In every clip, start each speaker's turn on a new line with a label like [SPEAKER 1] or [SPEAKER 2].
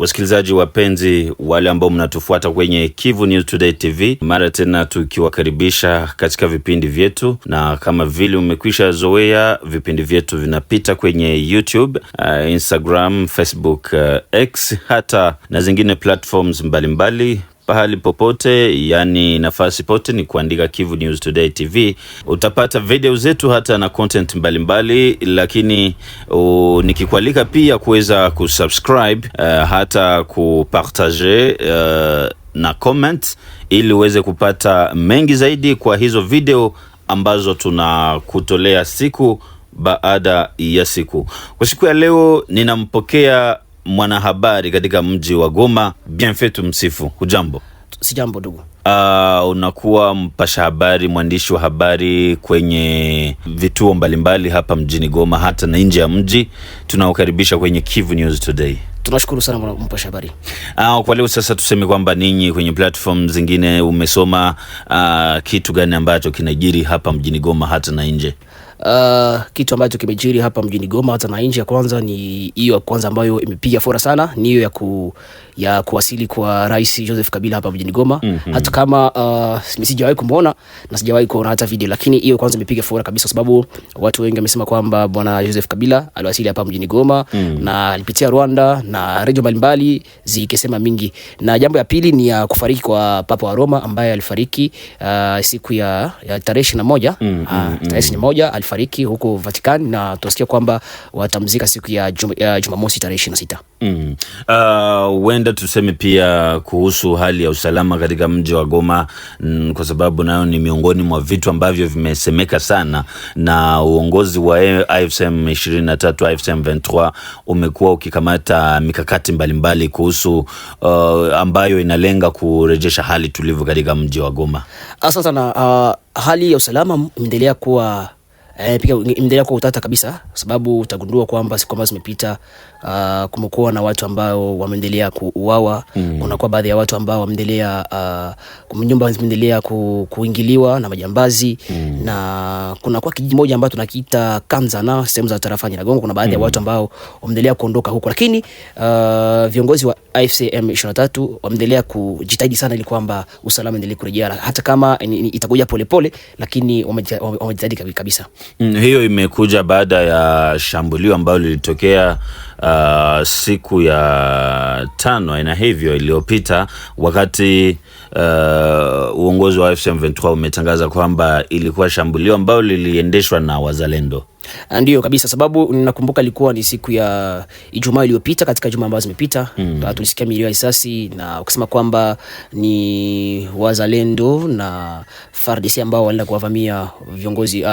[SPEAKER 1] Wasikilizaji wapenzi, wale ambao mnatufuata kwenye Kivu News Today TV, mara tena tukiwakaribisha katika vipindi vyetu, na kama vile umekwisha zoea, vipindi vyetu vinapita kwenye YouTube, uh, Instagram, Facebook, uh, X hata na zingine platforms mbalimbali mbali pahali popote, yani nafasi pote ni kuandika Kivu News Today TV. Utapata video zetu hata na content mbalimbali mbali, lakini uh, nikikualika pia kuweza kusubscribe uh, hata kupartage uh, eh, na comment ili uweze kupata mengi zaidi kwa hizo video ambazo tunakutolea siku baada ya siku. Kwa siku ya leo ninampokea mwanahabari katika mji wa Goma, Bienfait Msifu, hujambo? Sijambo ndugu. Uh, unakuwa mpasha habari, mwandishi wa habari kwenye vituo mbalimbali mbali hapa mjini Goma, hata na nje ya mji. Tunaokaribisha kwenye Kivu News Today.
[SPEAKER 2] Tunashukuru sana bwana Mpasha Habari.
[SPEAKER 1] Uh, kwa leo sasa tuseme kwamba ninyi kwenye platform zingine umesoma uh, kitu gani ambacho kinajiri hapa mjini Goma hata na nje?
[SPEAKER 2] Uh, kitu ambacho kimejiri hapa mjini Goma hata na nje, ya kwanza ni hiyo ya kwanza ambayo imepiga fora sana, ni hiyo ya, ku, ya kuwasili kwa Rais Joseph Kabila hapa mjini Goma mm -hmm. Hata kama uh, sijawahi kumwona na sijawahi kuona hata video, lakini hiyo kwanza imepiga fora kabisa, kwa sababu watu wengi wamesema kwamba bwana Joseph Kabila aliwasili hapa mjini Goma mm -hmm. na alipitia Rwanda na na redio mbalimbali zikisema mingi. Na jambo ya pili ni ya kufariki kwa Papa wa Roma ambaye alifariki uh, siku ya, ya tarehe ishirini na moja mm, mm, uh, tarehe mm. ishirini na moja alifariki huko Vatican, na tunasikia kwamba watamzika siku ya Jumamosi tarehe ishirini na sita.
[SPEAKER 1] Huenda mm. uh, tuseme pia kuhusu hali ya usalama katika mji wa Goma mm, kwa sababu nayo ni miongoni mwa vitu ambavyo vimesemeka sana na uongozi wa AFCM 23 AFCM 23 umekuwa ukikamata mikakati mbalimbali mbali kuhusu uh, ambayo inalenga kurejesha hali tulivu katika mji wa Goma.
[SPEAKER 2] Asante sana. Uh, hali ya usalama imeendelea kuwa E, pia imeendelea kuwa utata kabisa, sababu utagundua kwamba siku ambazo zimepita uh, kumekuwa na watu ambao wameendelea kuuawa mm. Kunakuwa baadhi ya watu ambao wameendelea uh, nyumba zimeendelea ku, kuingiliwa na majambazi mm. Na kunakuwa kijiji moja ambayo tunakiita Kanza na sehemu za tarafa Nyiragongo, kuna baadhi mm. ya watu ambao wameendelea kuondoka huko, lakini uh, viongozi wa AFCM 23 wameendelea kujitahidi sana ili kwamba usalama endelee kurejea, hata kama itakuja polepole, lakini wamejitahidi kabisa
[SPEAKER 1] mm. Hiyo imekuja baada ya shambulio ambalo lilitokea uh, siku ya tano aina hivyo iliyopita wakati uh, uongozi wa FCM 23 umetangaza kwamba ilikuwa shambulio ambalo liliendeshwa na wazalendo.
[SPEAKER 2] Ah, ndio kabisa, sababu nakumbuka ilikuwa ni siku ya Ijumaa iliyopita, katika juma ambazo zimepita mm. tulisikia milio ya risasi na ukisema kwamba ni wazalendo na FARDC ambao walienda kuwavamia viongozi uh,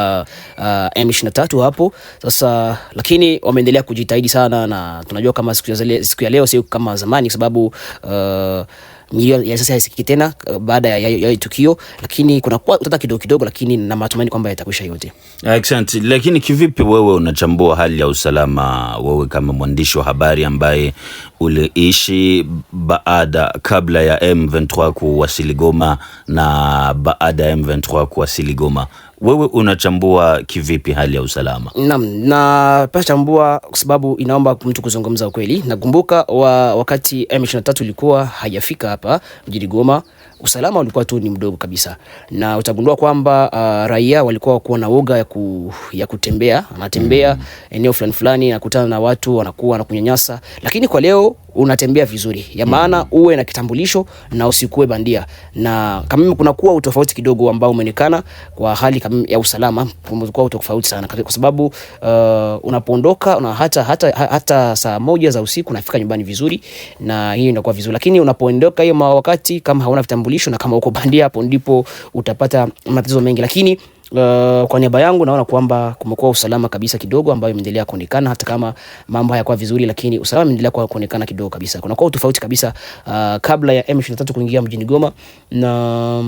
[SPEAKER 2] uh, M23 hapo sasa, lakini wameendelea kujitahidi sana, na tunajua kama siku ya, zale, siku ya leo sio kama zamani kwa sababu uh, milio ya sasa haisikiki tena eh, baada ya, ya, ya tukio, lakini kunakuwa utata kidogo kidogo, lakini na matumaini kwamba yatakuisha yote.
[SPEAKER 1] Asante. Lakini kivipi wewe unachambua hali ya usalama, wewe kama mwandishi wa habari ambaye uliishi baada kabla ya M23 kuwasili Goma na baada ya M23 kuwasili Goma? Wewe unachambua kivipi hali ya usalama?
[SPEAKER 2] nam na chambua kwa sababu inaomba mtu kuzungumza ukweli. Nakumbuka wa, wakati M23 ilikuwa hajafika hapa mjini Goma, usalama ulikuwa tu ni mdogo kabisa, na utagundua kwamba uh, raia walikuwa kuwa na uga ya, ku, ya kutembea anatembea mm. eneo fulani fulani, anakutana na watu wanakuwa kunyanyasa lakini kwa leo unatembea vizuri, ya mm. maana uwe na kitambulisho na usikuwe bandia, na kama kuna kuwa utofauti kidogo ambao umeonekana kwa hali ya usalama, kwa utofauti sana kwa sababu uh, unapoondoka na hata, hata, hata saa moja za usiku unafika nyumbani vizuri, na hiyo inakuwa vizuri, lakini unapoondoka hiyo mawakati, kama hauna vitambulisho na kama uko bandia, hapo ndipo utapata matatizo mengi, lakini uh, kwa niaba yangu naona kwamba kumekuwa usalama kabisa kidogo ambayo imeendelea kuonekana, hata kama mambo hayakuwa vizuri, lakini usalama imeendelea kuonekana kidogo kabisa. Kuna kwa tofauti kabisa uh, kabla ya M23 kuingia mjini Goma na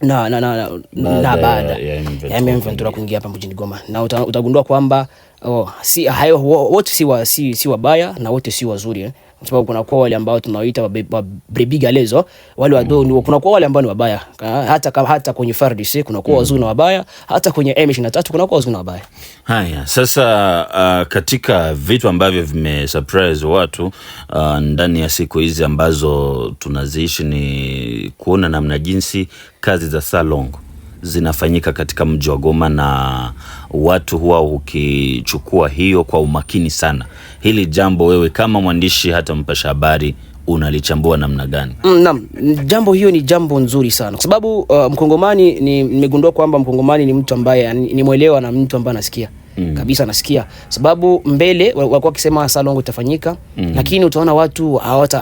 [SPEAKER 2] na, na, na, na, na baada ya M23 kuingia hapa mjini Goma na uta, utagundua kwamba oh, si, wote si, si, si wabaya na wote si wazuri eh? Kwa sababu kuna kwa wale ambao tunawaita wabrebigalezo wale wado ndio, kuna kwa wale ambao ni wabaya hata kama hata kwenye FARDC kuna kwa wazuri na wabaya, hata kwenye M23 kuna kwa wazuri na wabaya.
[SPEAKER 1] Haya, sasa uh, katika vitu ambavyo vime surprise watu uh, ndani ya siku hizi ambazo tunaziishi ni kuona namna jinsi kazi za salongo zinafanyika katika mji wa Goma na watu huwa ukichukua hiyo kwa umakini sana. Hili jambo wewe kama mwandishi hata mpasha habari unalichambua namna gani?
[SPEAKER 2] Mm, naam, jambo hiyo ni jambo nzuri sana kwa sababu uh, mkongomani ni nimegundua kwamba mkongomani ni mtu ambaye ni mwelewa na mtu ambaye anasikia Mm. Kabisa nasikia sababu mbele walikuwa wakisema salongo itafanyika mm. Lakini utaona watu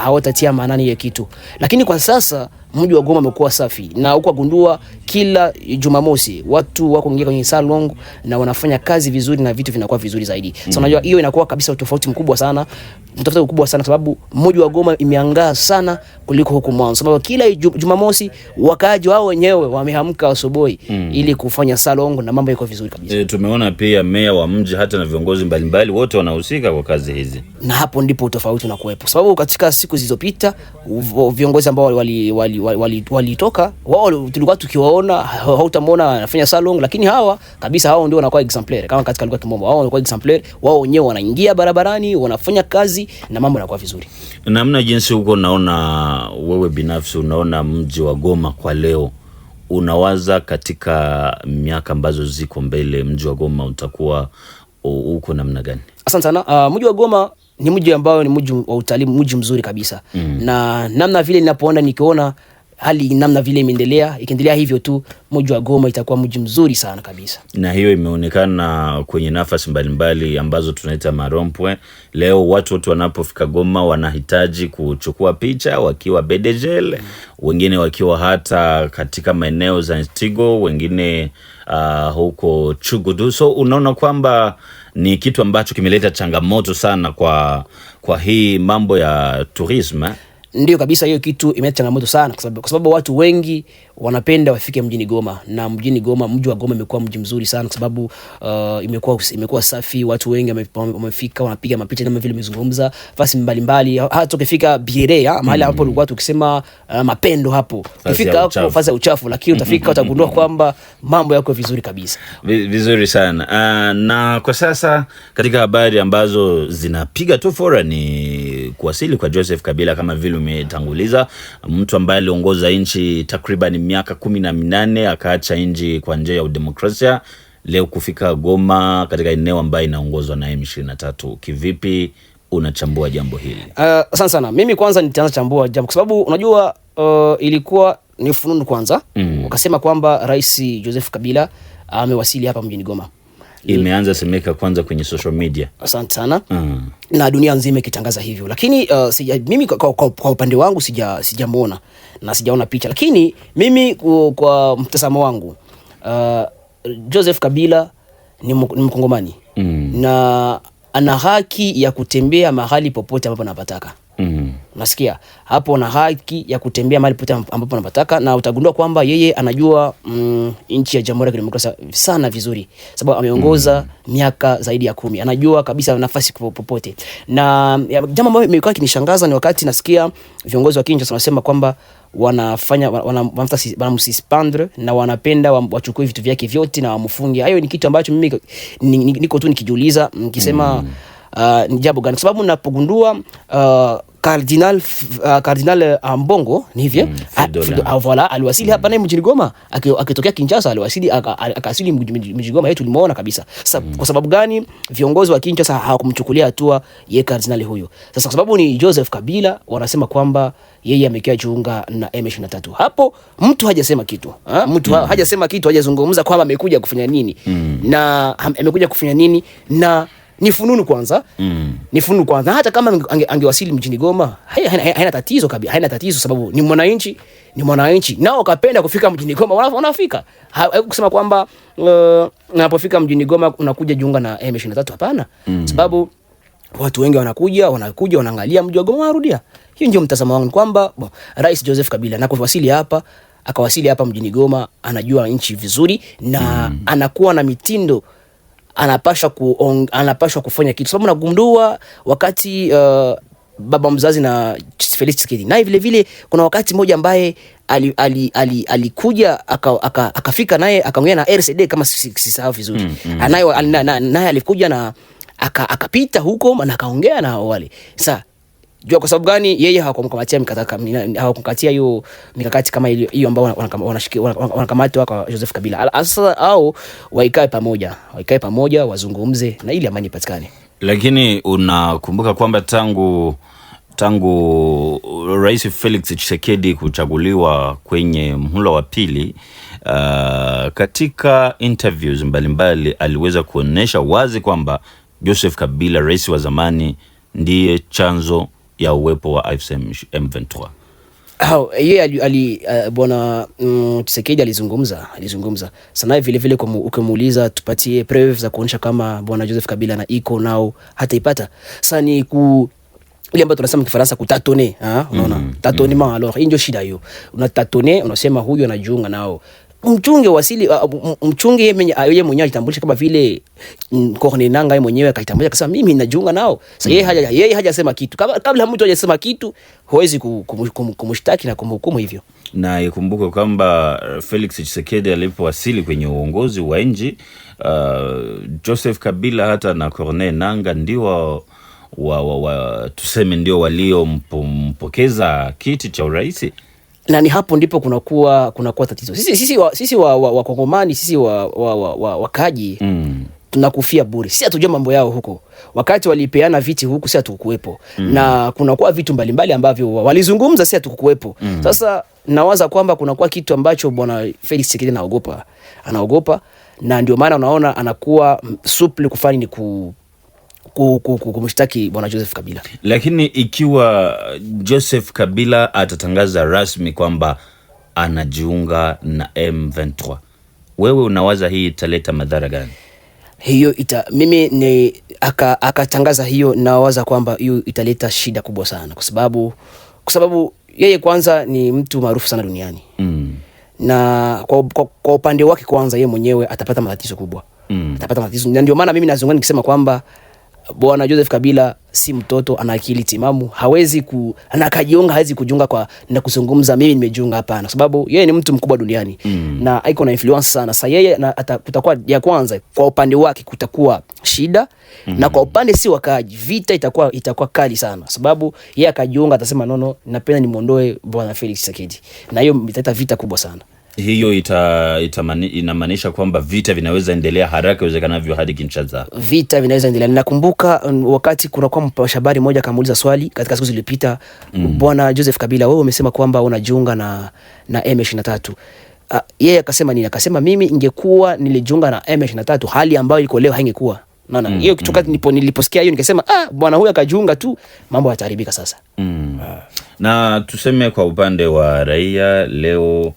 [SPEAKER 2] hawatatia maanani ya kitu, lakini kwa sasa mji wa Goma umekuwa safi, na huko agundua kila Jumamosi watu wako ingia kwenye salon na wanafanya kazi vizuri na vitu vinakuwa vizuri zaidi. Mm. So unajua hiyo inakuwa kabisa tofauti mkubwa sana, Mtafuta mkubwa sana sababu mji wa Goma imeangaa sana kuliko huko mwanzo. Sababu so, kila Jumamosi wakaaji wao wenyewe wamehamka asubuhi mm. ili kufanya salon na mambo yako vizuri
[SPEAKER 1] kabisa. E, tumeona pia meya wa mji hata na viongozi mbalimbali wote wanahusika kwa kazi hizi.
[SPEAKER 2] Na hapo ndipo tofauti unakuwepo. Sababu katika siku zilizopita viongozi ambao wali, wali walitoka wali, wali wao tulikuwa tukiwaona hautamwona anafanya salon, lakini hawa kabisa, hao ndio wanakuwa exemplaire, kama katika lugha kimombo, wao wanakuwa exemplaire. Wao wenyewe wanaingia barabarani, wanafanya kazi na mambo yanakuwa vizuri.
[SPEAKER 1] Namna jinsi huko, naona wewe binafsi unaona mji wa Goma kwa leo, unawaza katika miaka ambazo ziko mbele, mji wa Goma utakuwa uko namna gani?
[SPEAKER 2] Asante sana. Uh, mji wa Goma ni mji ambao ni mji wa utalii, mji mzuri kabisa mm. na namna vile ninapoona nikiona hali namna vile imeendelea, ikiendelea hivyo tu, mji wa Goma itakuwa mji mzuri sana kabisa,
[SPEAKER 1] na hiyo imeonekana kwenye nafasi mbalimbali mbali ambazo tunaita marompwe. Leo watu wote wanapofika Goma wanahitaji kuchukua picha wakiwa bedegel mm. wengine wakiwa hata katika maeneo za stigo wengine uh, huko Chugudu. So unaona kwamba ni kitu ambacho kimeleta changamoto sana kwa, kwa hii mambo ya tourism
[SPEAKER 2] ndio kabisa, hiyo kitu imeleta changamoto sana, kwa sababu watu wengi wanapenda wafike mjini Goma, na mjini Goma, mji wa Goma imekuwa mji mzuri sana kwa sababu uh, imekuwa imekuwa safi, watu wengi wamefika, wanapiga mapicha kama vile umezungumza, fasi mbalimbali, hata ukifika Birere ah, mahali hapo ulikuwa tukisema uh, mapendo hapo, ukifika hapo fasi ya uchafu, lakini utafika utagundua kwamba mambo yako vizuri kabisa,
[SPEAKER 1] vizuri sana uh, na kwa sasa katika habari ambazo zinapiga tu fora ni kuwasili kwa Joseph Kabila kama vile umetanguliza, mtu ambaye aliongoza nchi takriban miaka kumi na minane akaacha nchi kwa njia ya udemokrasia, leo kufika Goma katika eneo ambayo inaongozwa na M23, kivipi unachambua jambo hili?
[SPEAKER 2] uh, sana. Mimi kwanza nitaanza chambua jambo kwa sababu unajua uh, ilikuwa ni fununu kwanza, mm. ukasema kwamba Rais Joseph Kabila amewasili hapa mjini Goma
[SPEAKER 1] imeanza semeka kwanza kwenye social media.
[SPEAKER 2] Asante sana mm. na dunia nzima ikitangaza hivyo, lakini uh, sija, mimi kwa, kwa, kwa, upande wangu sija sijamwona na sijaona picha, lakini mimi kwa, kwa mtazamo wangu uh, Joseph Kabila ni mkongomani mm. na ana haki ya kutembea mahali popote ambapo anapataka mm. Unasikia hapo, una haki ya kutembea mahali pote ambapo unapataka, na utagundua kwamba yeye anajua mm, nchi ya Jamhuri ya Kidemokrasia sana vizuri, sababu ameongoza mm, miaka zaidi ya kumi, anajua kabisa nafasi popote. Na jambo ambalo imekuwa kinishangaza ni wakati nasikia viongozi wa Kinshasa wanasema kwamba wanafanya wanamsuspendre wana, wana na wanapenda wachukue vitu vyake vyote na wamfunge. Hayo ni kitu ambacho mimi niko tu nikijiuliza mm, nikisema mm. Uh, ni jambo gani kwa sababu napogundua uh, cardinal uh, cardinal euh, Ambongo ni hivyo mm, ah, ah, voilà, aliwasili mm, hapa naye mjini Goma akitokea kinchasa aliwasili akasili mjini Goma, yetu limeona kabisa. Sasa mm, kwa sababu gani viongozi wa kinchasa hawakumchukulia hatua ye kardinali huyo? Sasa kwa sababu ni Joseph Kabila, wanasema kwamba yeye amekia chunga na M23. Hapo mtu hajasema kitu ha? mtu mm, hajasema kitu, hajazungumza kwamba amekuja kufanya nini mm, na amekuja kufanya nini na ni fununu kwanza mm. ni fununu kwanza. Hata kama angewasili mjini Goma haina tatizo kabisa, haina tatizo sababu ni mwananchi, ni mwananchi nao wakapenda kufika mjini Goma wanafika. kusema kwamba uh, napofika mjini Goma unakuja jiunga na M23, hapana mm. sababu watu wengi wanakuja wanakuja wanaangalia mji wa Goma wanarudia. Hiyo ndio mtazamo wangu kwamba Rais Joseph Kabila anapowasili hapa akawasili hapa mjini Goma, anajua nchi vizuri na mm. anakuwa na mitindo anapashwa, ku, anapashwa kufanya kitu sababu nagundua wakati uh, baba mzazi na Felix Kidi naye vile vile, kuna wakati mmoja ambaye ali, ali, ali, alikuja akafika aka, aka naye akaongea na RCD kama sisahau vizuri mm, mm. naye alikuja na akapita aka huko na akaongea na wale sasa Jua kwa sababu gani yeye hawakumkamatia hawakumkatia hiyo mikakati kama hiyo ambao wanakamatwa kwa Joseph Kabila. Sasa au waikae pamoja, waikae pamoja wazungumze na ili amani ipatikane.
[SPEAKER 1] Lakini unakumbuka kwamba tangu tangu Rais Felix Tshisekedi kuchaguliwa kwenye mhula wa pili, uh, katika interviews mbalimbali mbali, aliweza kuonyesha wazi kwamba Joseph Kabila, rais wa zamani, ndiye chanzo ya uwepo wa M23?
[SPEAKER 2] Yeye ali eh, bwana mm, Tshisekedi alizungumza alizungumza sana vile vile, ukimuuliza tupatie preuve za kuonyesha kama bwana Joseph Kabila na iko nao ipata sasa ni ku ile ambayo tunasema Kifaransa kutatone, ah, unaona mm, tatonema. Mm. Alors hii ndio shida hiyo, unatatone, unasema huyu anajiunga nao mchunge wasili uh, uh, mchunge uh, yeye mwenyewe alitambulisha kama vile mm, nanga yeye mwenyewe akaitambulisha akasema mimi najiunga nao. Sasa yeye haja yeye hajasema kitu. Kabla, kabla mtu hajasema kitu huwezi kumshtaki na kumhukumu hivyo.
[SPEAKER 1] Na ikumbuke kwamba uh, Felix Tshisekedi alipowasili kwenye uongozi wa nchi uh, Joseph Kabila hata na Corne nanga ndio wa, wa, wa, tuseme ndio waliompokeza kiti cha urais
[SPEAKER 2] na ni hapo ndipo kunakuwa kunakuwa tatizo. Sisi sisi sisi wakongomani sisi wakaji mm. tunakufia bure, si hatujua mambo yao huko. Wakati walipeana viti huku, si hatukuwepo mm. na kunakuwa vitu mbalimbali ambavyo walizungumza, si hatukuwepo mm. Sasa nawaza kwamba kunakuwa kitu ambacho bwana Felix Tshisekedi anaogopa, anaogopa na ndio maana unaona anakuwa mm, supli kufani ni ku kumshtaki bwana Joseph Kabila.
[SPEAKER 1] Lakini ikiwa Joseph Kabila atatangaza rasmi kwamba anajiunga na M23, wewe unawaza hii italeta madhara gani?
[SPEAKER 2] Hiyo ita mimi ni akatangaza aka hiyo, nawaza kwamba hiyo italeta shida kubwa sana, kwa sababu kwa sababu yeye kwanza ni mtu maarufu sana duniani mm. na kwa, kwa, kwa upande wake kwanza yeye mwenyewe atapata matatizo kubwa mm. atapata matatizo, na ndio maana mimi nazungumza nikisema kwamba Bwana Joseph Kabila si mtoto, ana akili timamu, hawezi ku kajiunga, hawezi kujiunga kwa na kuzungumza mimi nimejiunga, hapana, kwa sababu yeye ni mtu mkubwa duniani mm. na iko na influence sana. Sasa yeye kutakuwa ya kwanza, kwa upande wake kutakuwa shida mm. na kwa mm. upande si wakaaji, vita itakuwa itakuwa kali sana, sababu yeye akajiunga, atasema nono, napenda nimuondoe bwana Felix Tshisekedi, na hiyo italeta vita kubwa sana
[SPEAKER 1] hiyo ita, ita mani, inamaanisha kwamba vita vinaweza endelea haraka iwezekanavyo hadi Kinshasa.
[SPEAKER 2] Vita vinaweza endelea. Ninakumbuka um, wakati kuna kwa mpasha habari mmoja akamuuliza swali katika siku zilizopita mm. Bwana Joseph Kabila, wewe umesema kwamba unajiunga na, na M23 Uh, ah, yeye uh, akasema nini? Akasema mimi ingekuwa nilijiunga na M23 hali ambayo iko leo haingekuwa naona mm. hiyo mm, kitu kati nipo Niliposikia hiyo nikasema, ah, bwana huyu akajiunga tu, mambo yataharibika sasa
[SPEAKER 1] mm. Ah. Na tuseme kwa upande wa raia leo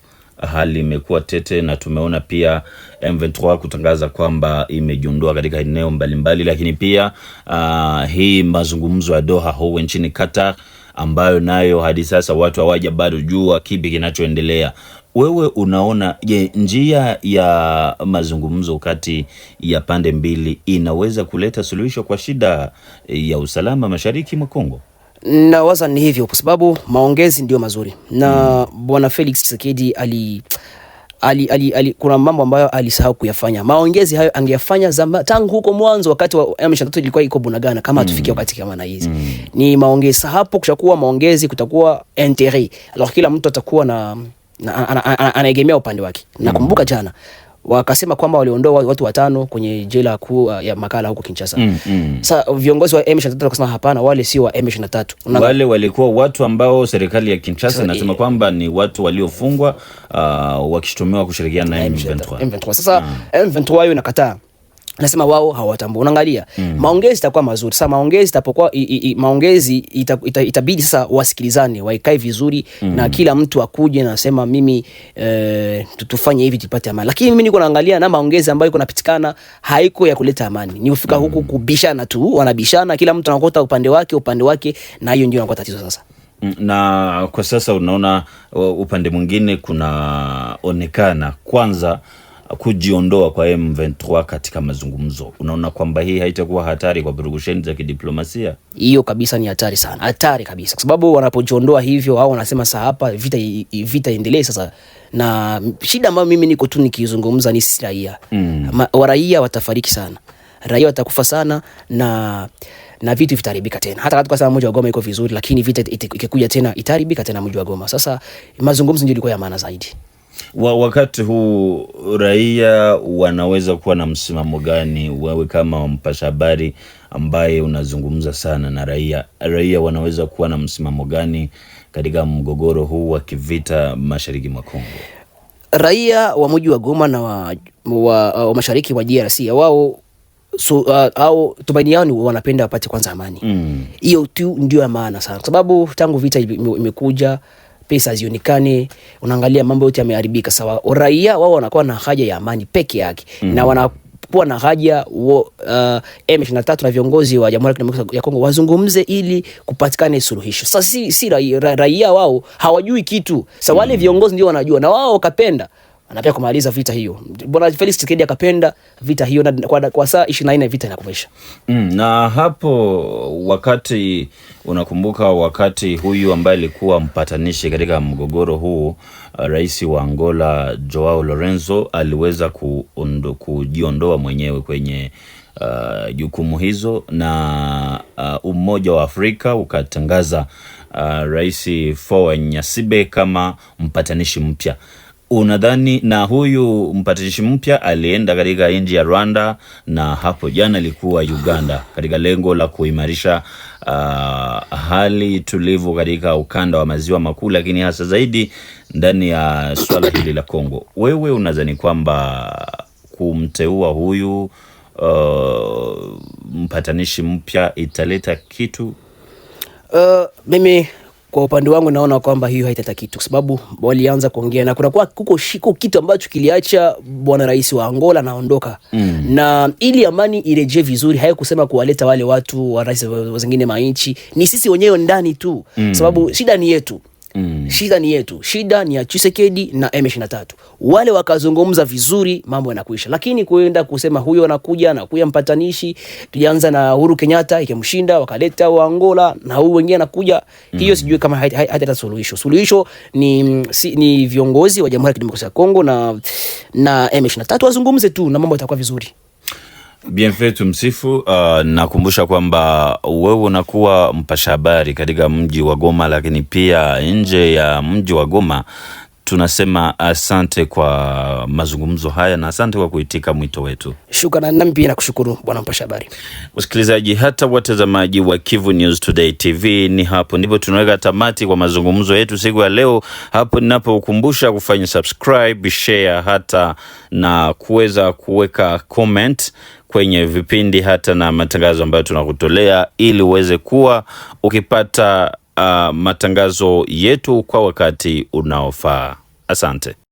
[SPEAKER 1] hali imekuwa tete, na tumeona pia M23 kutangaza kwamba imejiondoa katika eneo mbalimbali, lakini pia uh, hii mazungumzo ya Doha huko nchini Qatar ambayo nayo hadi sasa watu hawaja bado jua kipi kinachoendelea. Wewe unaona je, njia ya mazungumzo kati ya pande mbili inaweza kuleta suluhisho kwa shida ya usalama mashariki mwa Kongo?
[SPEAKER 2] Nawaza ni hivyo kwa sababu maongezi ndio mazuri na mm. Bwana Felix Tshisekedi ali ali, ali, ali, kuna mambo ambayo alisahau kuyafanya. Maongezi hayo angeyafanya tangu huko mwanzo, wakati wa M23 ilikuwa iko Bunagana, kama mm. hatufikia wakati kama na hizi mm. ni maongezi hapo. Kushakuwa maongezi, kutakuwa interet alors, kila mtu atakuwa na, na, anaegemea upande wake. Nakumbuka mm. jana wakasema kwamba waliondoa watu watano kwenye jela kuu uh, ya Makala huko Kinshasa. mm, mm. Sasa viongozi wa M23 wakasema hapana, wale si wa M23.
[SPEAKER 1] Wale walikuwa watu ambao serikali ya Kinshasa inasema kwamba ni watu waliofungwa uh, wakishutumiwa kushirikiana na M23.
[SPEAKER 2] M23. Sasa M23 mm. hiyo inakataa nasema wao hawatambua. Unaangalia mm. maongezi itakuwa mazuri sasa. Maongezi itapokuwa maongezi ita, ita, itabidi sasa wasikilizane, waikae vizuri mm. na kila mtu akuje na sema mimi e, tufanye hivi tupate amani, lakini mimi niko naangalia na maongezi ambayo iko napitikana haiko ya kuleta amani, ni ufika mm. huku kubishana tu, wanabishana, kila mtu anakuta upande wake upande wake, na hiyo ndio inakuwa tatizo sasa
[SPEAKER 1] mm, na kwa sasa unaona uh, upande mwingine kunaonekana kwanza kujiondoa kwa M23 katika mazungumzo, unaona kwamba hii haitakuwa hatari kwa vurugusheni za kidiplomasia?
[SPEAKER 2] Hiyo kabisa ni hatari sana, hatari kabisa, kwa sababu wanapojiondoa hivyo au wanasema saa hapa vita vita endelee sasa na shida ambayo mimi niko tu nikizungumza ni sisi raia mm. Waraia watafariki sana, raia watakufa sana na na vitu vitaharibika tena. Hata kama sasa mji wa Goma iko vizuri, lakini vita ikikuja tena itaharibika tena mji wa Goma. Sasa mazungumzo ndio ilikuwa ya maana zaidi.
[SPEAKER 1] Wakati huu raia wanaweza kuwa na msimamo gani? Wewe kama mpasha habari ambaye unazungumza sana na raia, raia wanaweza kuwa na msimamo gani katika mgogoro huu wa kivita mashariki mwa Kongo?
[SPEAKER 2] Raia wa mji wa Goma na wa, wa, wa mashariki wa DRC wao so, uh, au tumaini yao ni wanapenda wapate kwanza amani mm. hiyo. Mm. tu ndio ya maana sana, kwa sababu tangu vita imekuja pesa hazionekani, unaangalia mambo yote yameharibika. Sawa, raia wao wanakuwa na haja ya amani peke yake mm -hmm. na mhm. wana kuwa na haja uh, M23 na viongozi wa Jamhuri ya Kidemokrasia ya Kongo wazungumze ili kupatikane suluhisho. Sasa si, si raia, raia wao hawajui kitu. sa wale mhm. viongozi ndio wanajua na wao wakapenda na pia kumaliza vita hiyo. Bwana Felix Tshisekedi akapenda vita hiyo na kwa, kwa saa nne vita inakuisha.
[SPEAKER 1] Mm, na hapo wakati unakumbuka wakati huyu ambaye alikuwa mpatanishi katika mgogoro huu uh, rais wa Angola Joao Lorenzo aliweza kujiondoa mwenyewe kwenye uh, jukumu uh, hizo na uh, Umoja wa Afrika ukatangaza uh, rais Faure Nyasibe kama mpatanishi mpya unadhani na huyu mpatanishi mpya alienda katika nchi ya Rwanda na hapo jana alikuwa Uganda katika lengo la kuimarisha uh, hali tulivu katika ukanda wa maziwa makuu, lakini hasa zaidi ndani ya swala hili la Kongo. Wewe unadhani kwamba kumteua huyu uh, mpatanishi mpya italeta kitu?
[SPEAKER 2] Uh, mimi kwa upande wangu naona kwamba hiyo haitata kitu, kwa sababu walianza kuongea na kunakuwa kuko shiko, kitu ambacho kiliacha bwana rais wa Angola anaondoka mm. na ili amani irejee vizuri, kusema kuwaleta wale watu wa rais wengine mainchi, ni sisi wenyewe ndani tu mm. sababu shida ni yetu mm. Shida ni yetu, shida ni ya Chisekedi na M23. Wale wakazungumza vizuri, mambo yanakuisha, lakini kuenda kusema huyo anakuja anakuja mpatanishi, tulianza na Uhuru Kenyatta ikamshinda, wakaleta wa Angola na huyu wengine anakuja mm. hiyo sijui kama hata suluhisho. Suluhisho ni, si, ni viongozi wa Jamhuri ya Kidemokrasia ya Kongo na, na M23 wazungumze tu na mambo yatakuwa vizuri.
[SPEAKER 1] Bienfait msifu Uh, nakumbusha kwamba wewe unakuwa mpasha habari katika mji wa Goma, lakini pia nje ya mji wa Goma tunasema asante kwa mazungumzo haya na asante kwa kuitika mwito wetu.
[SPEAKER 2] Shukrani, nami pia nakushukuru bwana mpasha habari.
[SPEAKER 1] Msikilizaji hata watazamaji wa Kivu News Today TV, ni hapo ndipo tunaweka tamati kwa mazungumzo yetu siku ya leo. Hapo ninapokumbusha kufanya subscribe, share hata na kuweza kuweka comment kwenye vipindi hata na matangazo ambayo tunakutolea ili uweze kuwa ukipata uh, matangazo yetu kwa wakati unaofaa. Asante.